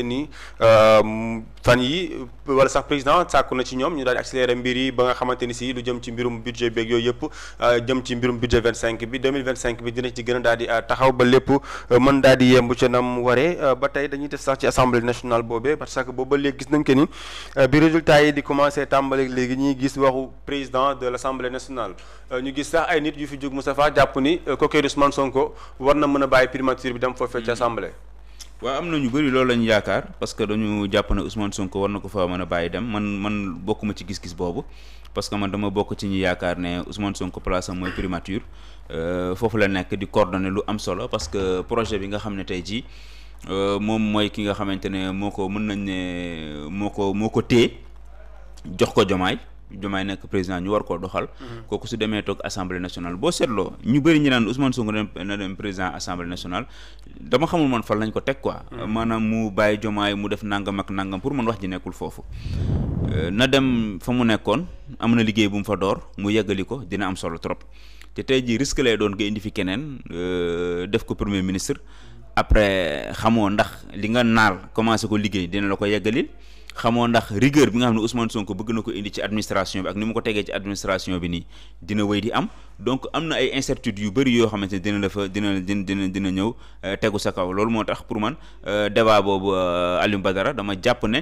ni euh, fan yi wala sax président sàkku na ci ñoom ñu daal di mbir yi ba nga xamante ni si lu jëm ci mbirum budget beeg yooyu yëpp euh, jëm ci mbirum budget 25 bi 2025 bi dina ci gën a daal euh, taxaw ba lépp mën daal di yemb ca nam waree ba tey dañuy def sax ci assemblée nationale boobee parce que booba léegi gis nañ que ni bi résultat yi di commencé tàmbali léegi ñuy gis waxu président de l' assemblée nationale ñu gis sax ay nit yu fi jóg Moustapha jàpp ni kooku Ousmane Sonko war na mën a bàyyi primature bi dem foofee ci mm-hmm. waa am na ñu bëri loolu lañu yaakaar parce que dañu jàpp ne Ousmane Sonko war na ko fa mën a bàyyi dem man man bokkuma ci gis-gis boobu parce que man dama bokk ci ñu yaakaar ne Ousmane Sonko place am mooy primature euh, foofu la nekk di coordonner lu am solo parce que projet bi nga xam ne tey jii euh, moom mooy ki nga xamante ne moo ko mën nañ ne moo ko moo ko té jox ko jomaay Diomaye nekk président ñu war koo doxal mhm. kooku su demee toog assemblée nationale boo seetloo ñu bëri ñu naan Ousmane Sonko na dem président assemblée nationale dama xamul man fan lañ ko teg quoi mhm. maanaam mu bàyyi Diomaye mu def nangam ak nangam pour man wax ji nekkul foofu euh, na dem fa mu nekkoon am na liggéey bu mu fa door mu yeggali ko dina am solo trop te tey ji risque lay doon nga indi fi keneen euh, def ko premier ministre après xamoo ndax li nga naal commencé ko liggéey dina la ko xamoo ndax rigueur bi nga xam ne Ousmane Sonko bëgg na ko indi ci administration bi ak ni mu ko tegee ci administration bi nii dina wéy di am donc am na ay incertitudes yu bëri yoo xamante ne dina la fa dina dina dina dina ñëw euh, tegu sa kaw loolu moo tax pour man euh, débat boobu euh, Aliou Badara dama jàpp ne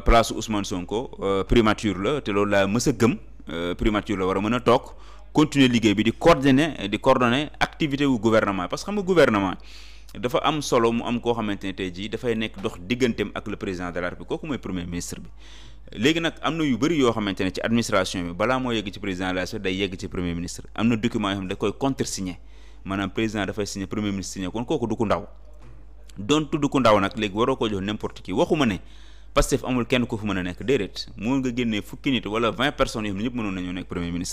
place Ousmane Sonko primature la te loolu laa mës gëm primature la war a mën a toog continuer liggéey bi di coordonner di coordonner activité wu gouvernement parce que xam gouvernement. dafa am solo mu am koo xamante ne tey jii dafay nekk dox digganteem ak le président de la République kooku mooy premier ministre bi léegi nag am na yu bëri yoo xamante ne ci administration bi balaa moo yegg ci président de la République day yegg ci premier ministre am na document yoo xam ne da koy contresigné maanaam président dafay signé premier ministre signé kon kooku du ko ndaw doon tudd ko ndaw nag léegi waroo ko jox n'importe qui waxuma ne Pastef amul kenn ko nekk déedéet mën nga génnee fukki nit wala vingt personnes yoo xam ne ñëpp mënoon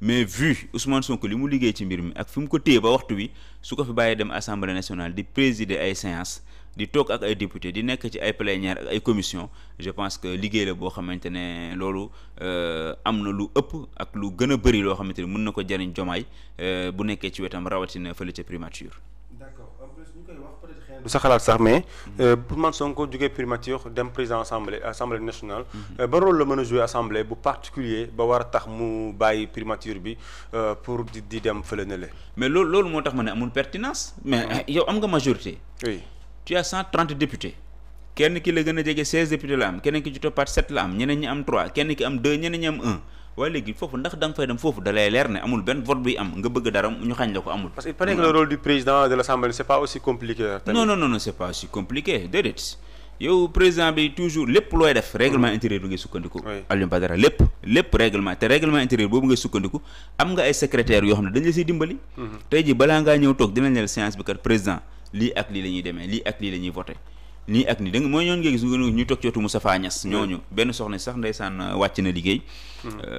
mais vu Ousmane Sonko li mu liggéey ci mbir mi ak fi mu ko téye ba waxtu wi su ko fi bàyyee dem assemblée nationale di présider ay séance di toog ak ay député di nekk ci ay plénière ak ay commission je pense que liggéey la boo xamante ne loolu euh, am na lu ëpp ak lu gën a bëri loo xamante ne mën na ko jariñ jomaay euh, bu nekkee ci wetam rawatina fële ca primature du sa xalaat sax mais euh, Ousmane Sonko jógee primature dem président assemblée assemblée nationale euh, ba rôle la mën a jouer assemblée bu particulier ba war a tax mu bàyyi primature bi euh, pour di di dem fële ne mais loolu loolu moo tax ma ne amul pertinence mais mm-hmm. yow am nga majorité oui tu as cent trente députés kenn ki la gën a jege seize députés la am keneen ki ci toppaat sept la am ñeneen ñi am trois kenn ki am deux ñeneen ñi am un waaye léegi foofu ndax da fay dem foofu da leer ne amul benn vote buy am nga bëgg dara ñu xañ la ko amul. parce que il paraît que le rôle du président de l'Assemblée c'est pas aussi compliqué. non non non non c'est pas aussi compliqué déedéet yow président bi toujours lépp looy def règlement mm-hmm. intérieur bi ngay sukkandiku Alioune Badara lépp lépp règlement te règlement intérieur boobu ngay sukkandiku am nga ay secrétaire yoo xam ne dañ la siy dimbali mm-hmm. tey ji balaa ngaa ñëw toog dinañ la séance bi kat président la ñuy demee lii ak lii la ñuy voté nii ak nii da nga mooy ñooñu nga gis ñu toog mm. euh,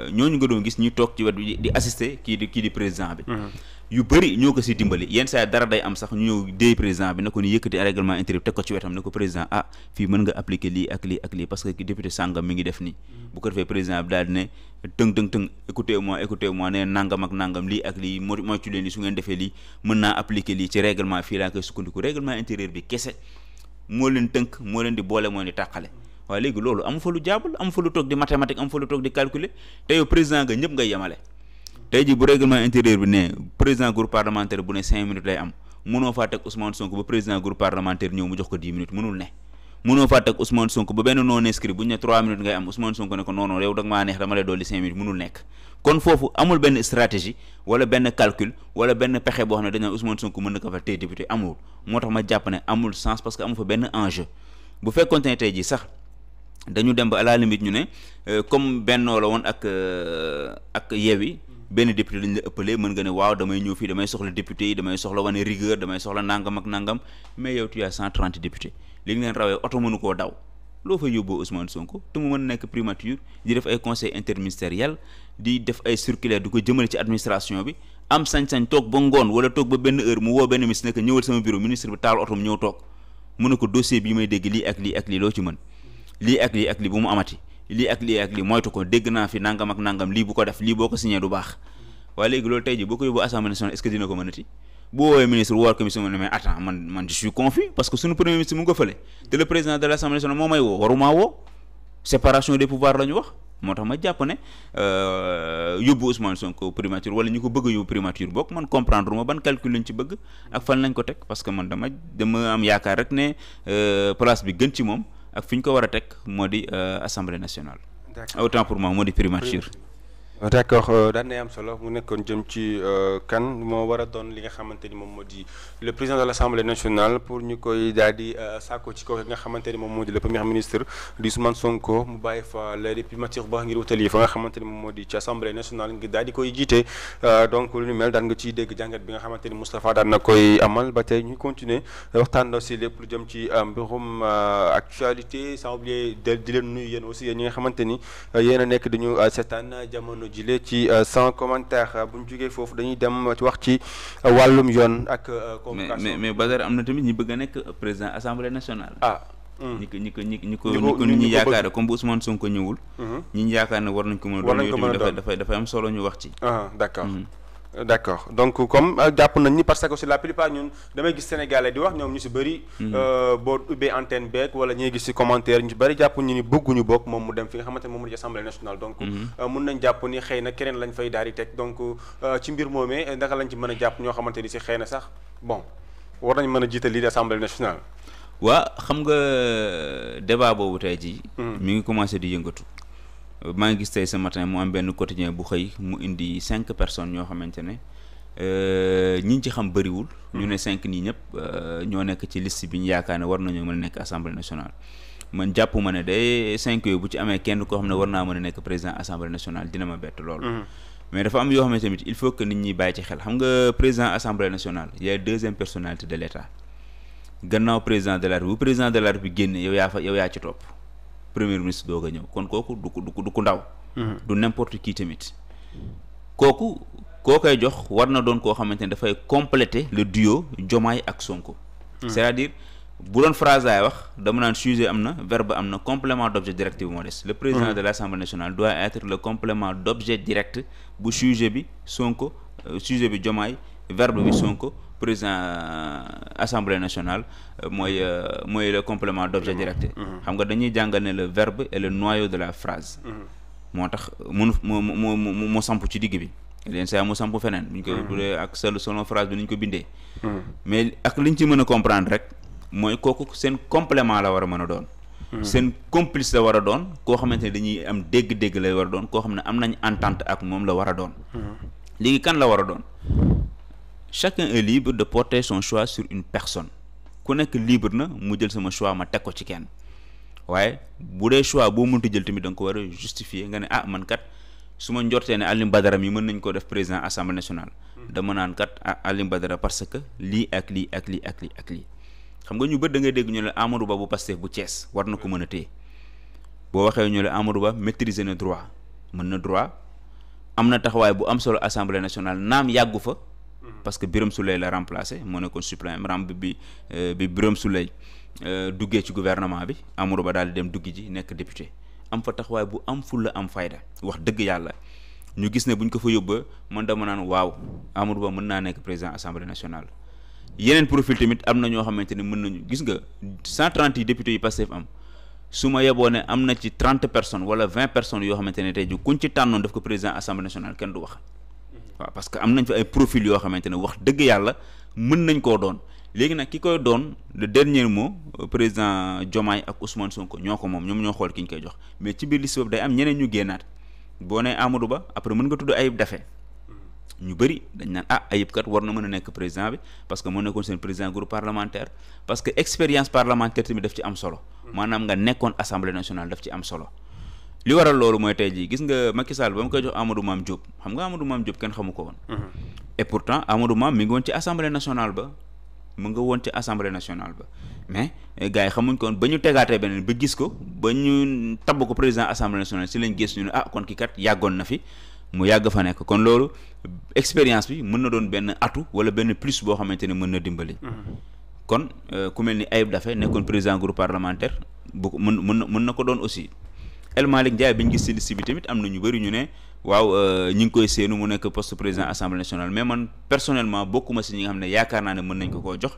mm. euh, nga doon gis ñu toog ci wet bi di assister kii di kii di président bi mm-hmm. yu bëri ñoo ko si dimbali yenn saa dara day am sax ñu ñëw déy président bi na ko ni yëkkati règlement intérieur teg ko ci wetam ne ko président ah fii mën nga appliquer lii ak lii ak lii parce que député sàngam mi ngi def nii mm. bu ko defee président bi daal ne tëng tëng tëng écoutez moi écoutez moi nangam ak nangam lii ak lii mooy ci leen ni su moo leen tënk moo leen di boole moo leen di tàqale waaye léegi loolu am fa lu jaabul am fa lu toog di mathématique am fa lu toog di calculer te yow président nga ñëpp ngay yemale tey ji bu règlement intérieur bi ne président groupe parlementaire bu ne cinq minutes lay am mënoo faa teg Ousmane Sonko ba président groupe parlementaire ñëw mu jox ko dix minutes mënul ne mënoo faa teg Ousmane Sonko ba benn non inscrit bu ñu ne trois minutes ngay am Ousmane nekk kon foofu amul benn stratégie wala benn calcul wala benn pexe boo xam ne dañoo Ousmane Sonko mën na ko fa tey député amul moo tax ma jàpp ne amul sens parce que amul fa benn enjeu bu fekkoonte ne tey jii sax dañu dem ba à la ñu ne euh, comme bennoo la woon ak euh, ak Yewwi benn député lañ la ëpp ëppalee mën nga ne waaw damay ñëw fii damay soxla député yi damay soxla wane rigueur damay soxla nangam ak nangam mais yow tu as cent trente députés li rawee oto mënu koo daw loo fa yóbboo Ousmane Sonko te mu mën nekk primature di def ay conseil interministériel di def ay circulaire di ko jëmale ci administration bi am sañ-sañ toog ba ngoon wala toog ba benn heure mu woo benn ministre ne ñëwal sama bureau ministre bi taal otom ñëw toog mu ne ko dossier bi may dégg lii ak lii ak lii loo ci mën lii ak lii ak lii bu mu amati lii ak lii ak lii moytu ko dégg naa fi nangam ak nangam lii bu ko def lii boo ko signé du baax boo ko yóbboo assemblée boo woowee ministre woo ko ministre mu ne mais attends man man je suis confus parce que suñu premier ministre mu ngi ko fële te le président de l' assemblée nationale moo may woo warumaa woo séparation des pouvoirs la ñu wax moo tax ma jàpp ne euh, yóbbu Ousmane Sonko primature wala ñu ko bëgg a yóbbu primature boog man comprendre ma ban calcul lañ ci bëgg ak fan lañ ko teg parce que man dama dama am yaakaar rek ne euh, place bi gën ci moom ak fi ñu ko war a teg moo di euh, assemblée nationale. autant pour moi moo di primature. d' accord euh, daan nay am solo mu nekkoon jëm ci euh, kan moo war a doon li nga xamante ni moom moo di le président de l' national pour ñu koy daal di euh, sàkko ci kaw ki nga xamante ni moom moo di le premier ministre di Ousmane Sonko mu bàyyi fa la diplomatique ba ngir wutali fa nga xamante ni moom moo di ci assemblée nationale ngir daal koy jiite donc lu ñu mel daan nga ciy dégg jàngat bi nga xamante ni Moustapha daan na koy amal ba tey ñu continuer waxtaan si lépp lu jëm ci mbirum actualité sans oublier di leen nuyu yéen aussi yéen ñi ni yéen a nekk dañu seetaan jamono jile ci euh, sans commentaire euh, bu ñu jógee foofu dañuy dem wax ci euh, wàllum yoon ak convocation mais mais Badara am na tamit ñi bëgg a nekk président assemblée nationale ah ñi ko ñi ko ñi ñi ko ñi ko nit ñi yaakaar comme bu Ousmane Sonko ñëwul ñi ñu yaakaar ne war nañ ko mën a doon dafay dafay am solo ñu wax ci ah, d'accord d' accord donc comme euh, jàpp nañ ni parce que aussi la plupart ñun damay gis sénégalais di wax ñoom ñu si bëri. Mm-hmm. Euh, boo ubbee antenne beeg wala ñuy gis si commentaire ñu si bëri jàpp ñu ni bëgguñu bokk moom mu dem fi nga xamante ne moom mu di assemblée nationale. donc mm-hmm. euh, mun nañ jàpp ni xëy na keneen lañ fay daal di teg donc ci mbir moomee naka lañ ci mën a jàpp ñoo xamante ni si xëy na sax bon war nañ mën a jiital lii di assemblée nationale. waa xam nga débat boobu tey jii. Mm-hmm. mi ngi commencé di yëngatu. maa ngi gis tey ce matin mu am benn quotidien bu xëy mu indi cinq personnes ñoo xamante ne euh, ñi ci xam bëriwul. ñu ne cinq nii ñëpp euh, ñoo nekk ci liste bi ñu yaakaar ne war nañoo mën a nekk assemblée nationale. man jàpp ma ne de cinq yooyu bu ci amee kenn koo xam ne war naa mën a nekk président assemblée nationale dina ma bett loolu. Mhm. mais dafa am yoo xam tamit il faut que nit ñi bàyyi ci xel xam nga président assemblée nationale yaay deuxième personnalité de l' état gannaaw président de la République bi génne yow yaa fa yow yaa ci topp. premier ministre doog a ñëw kon kooku du du du ku ndaw. Mm-hmm. du n'importe qui tamit. kooku koo jox war na doon koo xamante ne dafay compléter le duo Diomaye ak Sonko. Mm. c'est-à-dire bu doon phrase laay wax dama naan sujet am na verbe am na complément d'objet direct bi moo des. le président mm. de l'Assemblée nationale doit être le complément d'objet direct bu sujet bi Sonko euh, sujet bi Diomaye verbe bi Sonko. président euh, assemblée nationale euh, mooy euh, mooy le complément d'objet direct mhm. xam nga dañuy jàngal ne le verbe et le noyau de la phrase mhm. moo tax mënu mu mu mu mu samp ci digg bi leen saa mu sampu feneen bu ñu ko mhm. bu dee ak sel selon phrase bi ni ñu ko bindee mais ak li ñu ci mën a comprendre rek mooy kooku seen complément la war a mën a doon seen complice la war a doon koo xamante ne dañuy am dégg-dégg lay war a doon koo xam ne am nañ entente ak moom la war a doon léegi kan la war a doon chacun est libre de porter son choix sur une personne ku nekk libre na mu jël sama choix ma teg ko ci kenn waaye bu dee choix boo mënta jël tamit da ko war a justifier nga ne ah man kat su ma njortee ne Alioune Badara mi mën nañ ko def président assemblée nationale hmm. dama naan kat ah Alioune Badara parce que lii ak lii ak lii ak lii ak lii xam nga ñu bët da ngay dégg ñu ne Amadou Ba bu Pastef bu cees war na ko mën a téye boo waxee ñu ne Amadou Ba maîtriser na droit mën na droit am na taxawaay bu am solo assemblée nationale naam yàggu fa. Mhm. parce que Birame Souleye la remplacé moo nekkoon suppléant ramb bi euh, bi Birame Souleye euh, duggee ci gouvernement bi Amadou Ba daal di dem duggi ji nekk député am fa taxawaay bu am fulla am fayda wax dëgg yàlla ñu gis ne buñ ko fa yóbba man dama naan waaw Amadou Ba mën naa nekk président assemblée nationale yeneen profil tamit am na ñoo xamante ne mën nañu gis nga 130 yi députés yi Pastef am su ma yeboo ne am na ci 30 personnes wala 20 personnes yoo xamante ne tey ji kuñ ci tànnoon def ko président kenn du waaw parce que am nañ fi ay profil yoo xamante ne wax dëgg yàlla mën nañ koo doon léegi nag ki koy doon le dernier mot euh, président Diomaye ak Ousmane Sonko ñoo ko moom ñoom ñoo xool ki ñu koy jox mais ci biir liste boobu day am ñeneen ñu génnaat boo ne Amadou Ba après mën nga tudd Ayib Daffé ñu bëri dañ naan ah Ayib kat war na mën a nekk président bi parce que moo nekkoon seen président groupe parlementaire parce que expérience parlementaire tamit daf am solo hmm. maanaam nga nekkoon assemblée nationale daf ci am solo li waral loolu mooy tey jii gis nga Macky Sall ba mu koy jox Amadou Mame Diop xam nga Amadou Mame Diop kenn xamu ko woon. Mhm. et pourtant Amadou Mame mi ngi woon ci assemblée nationale ba mu nga woon ci assemblée nationale ba mais gars yi xamuñ ko woon ba ñu tegaatee beneen ba gis ko ba ñu tabb ko président assemblée nationale si lañ gis ñu ne ah kon ki kat yàggoon na fi mu yàgg fa nekk kon loolu expérience bi mën na doon benn atu wala benn plus boo xamante ne mën na dimbali. Mhm. kon euh, ku mel ni Ayib nekkoon président groupe parlementaire mën mën na mën na ko doon aussi. El Malick Ndiaye bi ñu gis ci liste bi tamit am na ñu bëri ñu ne waaw euh, ñu ngi koy séenu mu nekk poste président assemblée nationale mais man personnellement bokkuma ci ñi nga xam ne yaakaar naa ne mën nañ ko koo jox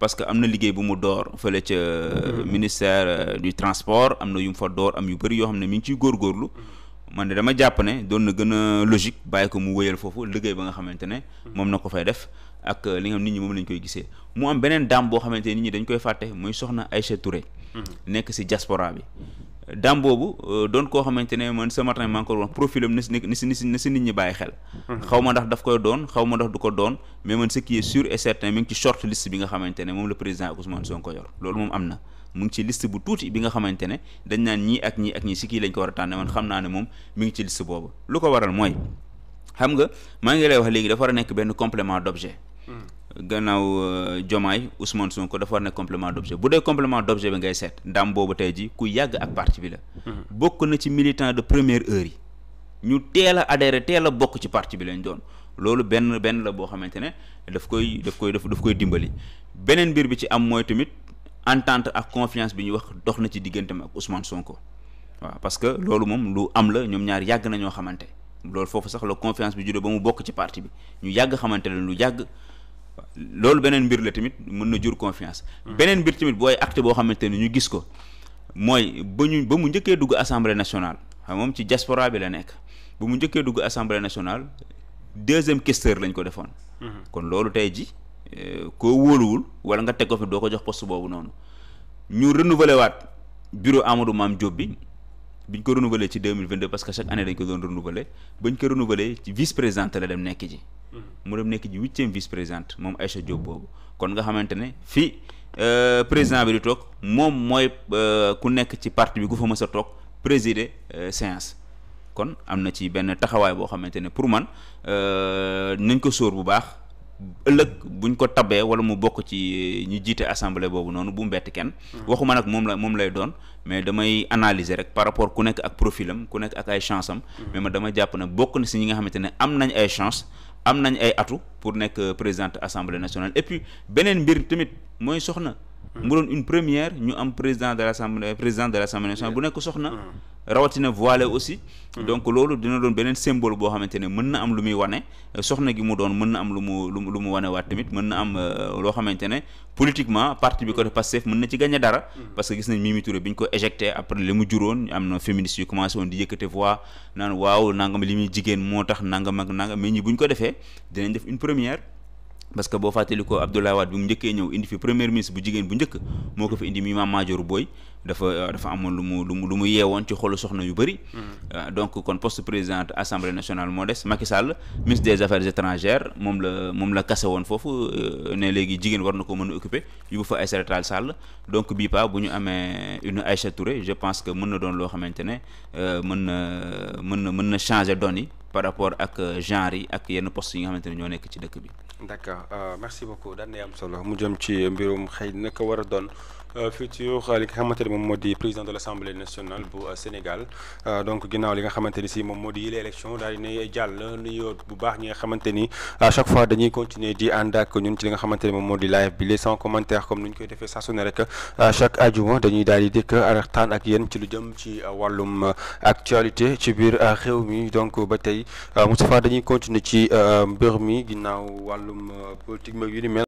parce que am na liggéey bu mu door fële ca euh, mm-hmm. ministère euh, du transport am na yu mu fa door am yu bëri yoo xam ne mi ngi ciy góorgóorlu mm-hmm. man de dama jàpp ne doon na gën a logique bàyyi ko mu wëyal foofu liggéey ba nga xamante ne mm-hmm. moom na ko fay def ak li nga xam ñi moom lañ koy gisee mu am beneen daam boo xamante nit ñi dañ koy fàtte muy soxna Aïcha Touré nekk ci diaspora bi daam boobu euh, doon koo xamante ne man ce matin maa ngi ko wax profil am na si na si na si nit ñi bàyyi xel. Mhm. xaw ma ndax daf koy doon xaw ma ndax du ko doon mais man ce qui est sûr et certain mi ngi ci short liste bi nga xamante ne moom la président Ousmane Sonko yor loolu moom am na. mu ngi ci liste bu tuuti bi nga xamante ne dañ naan ñii ak ñii ak ñii si kii lañ ko war a tànn man xam naa ne moom mi ngi ci liste boobu lu ko waral mooy xam nga maa ngi lay wax léegi dafa war a nekk benn complément d'objet hmm. gannaaw euh, Diomaye Ousmane Sonko dafa war ne complément d'objet bu dee complément d'objet bi ngay seet ndam boobu tey ji ku yàgg ak parti bi la. Mhm. bokk na ci militant de première heure yi ñu teel a adhéré teel a bokk ci partie bi lañ doon loolu benn benn la boo xamante ne daf koy daf koy daf koy dimbali beneen mbir bi ci am mooy tamit entente ak confiance bi ñu wax dox na ci digganteem ak Ousmane Sonko waaw parce que loolu moom lu am la ñoom ñaari yàgg na ñoo xamante loolu foofu sax la bi juddo ba mu bokk ci parti bi ñu yàgg xamante ne lu yàgg. loolu beneen mbir la tamit mën na jur confiance. Hmm. beneen mbir tamit booy acte boo xamante ni ñu gis ko mooy ba ñu ba mu njëkkee dugg assemblée nationale xam moom ci diaspora bi la nekk ba mu njëkkee dugg assemblée nationale deuxième questeur lañ ko defoon. Hmm. kon loolu tey ji euh, koo wóoluwul wala nga teg ko fi doo ko jox poste boobu noonu ñu renouveler waat bureau Amadou Mame Diop bi. biñ ko renouveler ci deux mille vingt deux parce chaque année dañ la dem nekk ji. mu dem nekk ji huitième vice présidente moom Aïcha Diop boobu kon nga xamante ne fii euh, président bi di toog moom mooy euh, ku nekk ci parti bi ku fa mës a toog présider euh, séance kon am na ci benn taxawaay boo xamante ne pour man nañ ko sóor bu baax ëllëg buñ ko tabee wala mu bokk ci ñu jiite assemblée boobu noonu bu mu bett kenn. Hmm. waxuma nag moom la moom lay doon mais damay analyser rek par rapport ku nekk ak profilam ku nekk ak ay chance am. Hmm. mais ma dama jàpp ne bokk na si ñi nga xamante ne am nañ ay chance. am nañ ay atu pour nekk présidente assemblée nationale et puis beneen mbir tamit mooy soxna mu doon une première ñu am président de l' assemblée euh, président de l' assemblée nationale bu nekk soxna. rawatina voilé aussi. donc loolu dina doon beneen symbole boo xamante ne mën na am lu muy wane soxna gi mu doon mën na am lu mu lu mu wane waat tamit mën na am euh, loo xamante ne politiquement parti bi ko def Pastef mën na ci gagné dara. parce que gis nañ Mimi Touré bi ñu ko éjecté après li mu juróon am na féministes yu commencé woon di yëkkate voix naan waaw nangam li muy jigéen moo tax nangam ak nangam mais ñi bu ñu ko defee dinañ def une première. parce que boo fàttali ko Abdoulaye Wade bi mu njëkkee ñëw indi fi premier ministre bu jigéen bu njëkk moo ko fi indi mi Mame Madior Boye dafa euh, dafa amoon lu mu lu mu lu mu yeewoon ci xolu soxna yu bëri mm-hmm. euh, donc kon post présidente assemblée nationale moo des Macky Sall ministre des affaires étrangères moom la moom la kase woon foofu euh, ne léegi jigéen war na ko mën a occuper yu fa Aïssata Tall Sall donc bii bu ñu amee une Aïcha Touré je pense que mën na doon loo xamante ne mën na mën na mën na changer donne yi par rapport ak genre yi ak yenn poste yi ñoo nekk ci dëkk bi d' accord euh, merci beaucoup daan am solo mu jëm ci mbirum xëy na ko war a doon. Euh, futur euh, li nga xamante ne moom moo di président de l' assemblée nationale bu euh, Sénégal donc ginnaaw li nga xamante ni si moom moo di yile élection daal di nay jàll nuyoo bu baax ñi nga xamante ni à chaque fois dañuy continuer di ànd ak ñun ci li nga xamante ni moom moo di live bi les sans commentaire comme ni ñu koy defee saa su ne rek chaque ajuma dañuy daal di dikk waxtaan ak yéen ci lu jëm ci wàllum actualité ci biir réew mi donc ba tey Moustapha dañuy continuer ci mbir mi ginnaaw wàllum politique mag yu ni mel